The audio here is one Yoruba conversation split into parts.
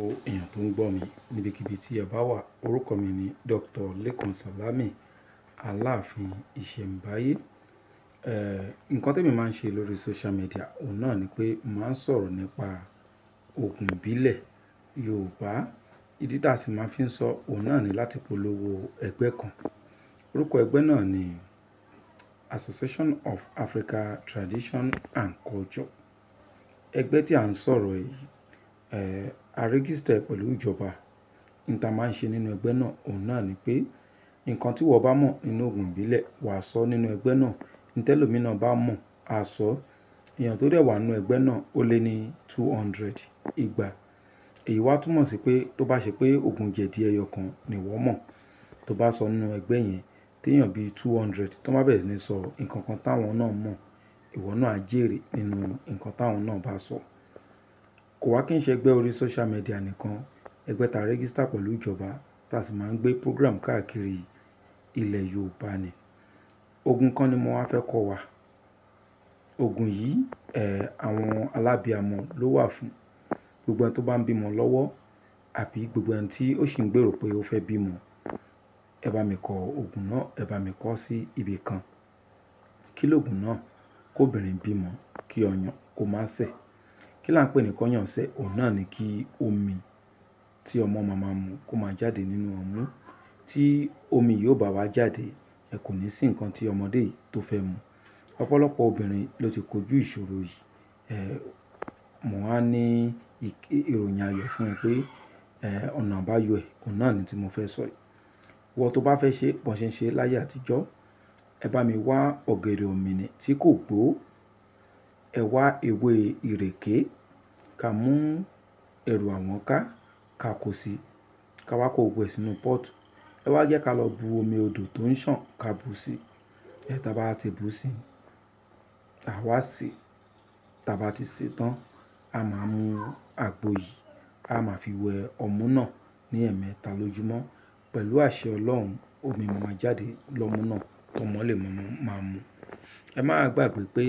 o èèyàn tó ń gbọ́ mi níbikíbi tí ẹ bá wà orúkọ mi ni Dr. Lekan Salami aláàfin ìṣẹ̀ǹbáyé nǹkan tẹ́mi máa ń ṣe lórí social media òun náà ni pé màá ń sọ̀rọ̀ nípa oògùn ìbílẹ̀ Yorùbá ìdí tá a sì máa fi ń sọ òun náà ni láti polówó ẹgbẹ́ kan orúkọ ẹgbẹ́ náà ni Association of Africa Tradition and Culture ẹgbẹ́ tí a ń sọ̀rọ̀ yìí eh, a register pẹ̀lú ìjọba. N ta máa ń ṣe nínú ẹgbẹ́ náà, òun náà ni pé nǹkan tí ìwọ bá mọ̀ nínú òògùn ìbílẹ̀, wà á sọ nínú ẹgbẹ́ náà. N tẹ́ náà bá mọ̀, a sọ. Èèyàn tó dẹ̀ wà nínú ẹgbẹ́ náà ó lé ní two hundred, igba. Èyí wá túmọ̀ sí pé tó bá ṣe pé òògùn jẹ̀dí ẹyọ kan ni ìwọ mọ̀, tó bá sọ nínú ẹgbẹ́ yẹn, tí èèyàn two hundred tó bá bẹ̀rẹ̀ sí ní sọ nǹkan kan táwọn náà mọ̀, ìwọ náà á jèrè nínú nǹkan táwọn náà bá sọ. Kò wá kí n ṣe orí social media nìkan, ẹgbẹ́ ta rẹ́gísítà pẹ̀lú ìjọba ta sì máa ń gbé program káàkiri ilẹ̀ Yorùbá ni. Ogun kan ni mo wá fẹ́ kọ́ wa. Ogun yìí, ẹ́, àwọn alábiamọ ló wà fún. Gbogbo ẹni tó bá ń bímọ lọ́wọ́ àbí gbogbo ẹni tí ó sì ń gbèrò pé ó fẹ́ bímọ, ẹ bá mi kọ Ògùn náà, ẹ bá mi kọ sí ibi kan. Kí lóògùn náà? Kó bímọ, kí ọyàn kó má ṣẹ̀. Kí là ń pè ní kọ́yànsẹ́? Òun náà ni kí omi tí ọmọ máa máa mu kó máa jáde nínú ọmú. Tí omi yìí ò bá wá jáde, ẹ kò ní sí nǹkan tí ọmọdé yìí tó fẹ́ mu. Ọ̀pọ̀lọpọ̀ obìnrin ló ti kojú ìṣòro yìí. Ẹ̀, mo wá ní ìròyìn ayọ̀ fún ẹ pé, ẹ́, ọ̀nà àbáyọ ẹ̀, òun náà ni tí mo fẹ́ sọ yìí. Ìwọ tó bá fẹ́ ṣe, bó ṣe ń ṣe láyé àtijọ́, ẹ bá mi wá ọ̀gẹ̀dẹ̀ òmìnì tí kò gbó ẹ wá ewé ìrèké ká mú ẹ̀rù àwọn ká ká kó sí ká wá kó gbogbo ẹ̀ sínú pọ́ọ̀tù ẹ wá jẹ́ ká lọ bu omi odò tó ń ṣàn ká bù sí ẹ tàbá ti bù sí àwa sì tàbá ti sè tán a máa mú àgbo yìí a máa fi wẹ ọmú náà ní ẹ̀ẹ̀mẹta lójúmọ́ pẹ̀lú àṣẹ ọlọ́run omi máa jáde lọ́mú náà tọmọ lè máa mú ẹ má gbàgbé pé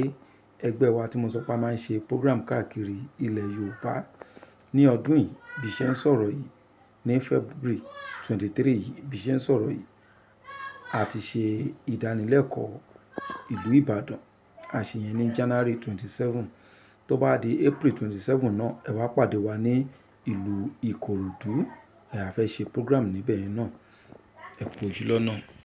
ẹgbẹ́ wa tí mo sọ pé a máa ń ṣe program káàkiri ilẹ̀ Yorùbá ní ọdún yìí bí ṣe ń sọ̀rọ̀ yìí ní February twenty three yìí bí ṣe ń sọ̀rọ̀ yìí a ti ṣe ìdánilẹ́kọ̀ọ́ ìlú Ìbàdàn a ní January twenty seven tó bá di April twenty seven náà ẹ wá pàdé wa ní ìlú Ìkòròdú ẹ a ṣe program níbẹ̀ yẹn náà ẹ kú ojú lọ́nà.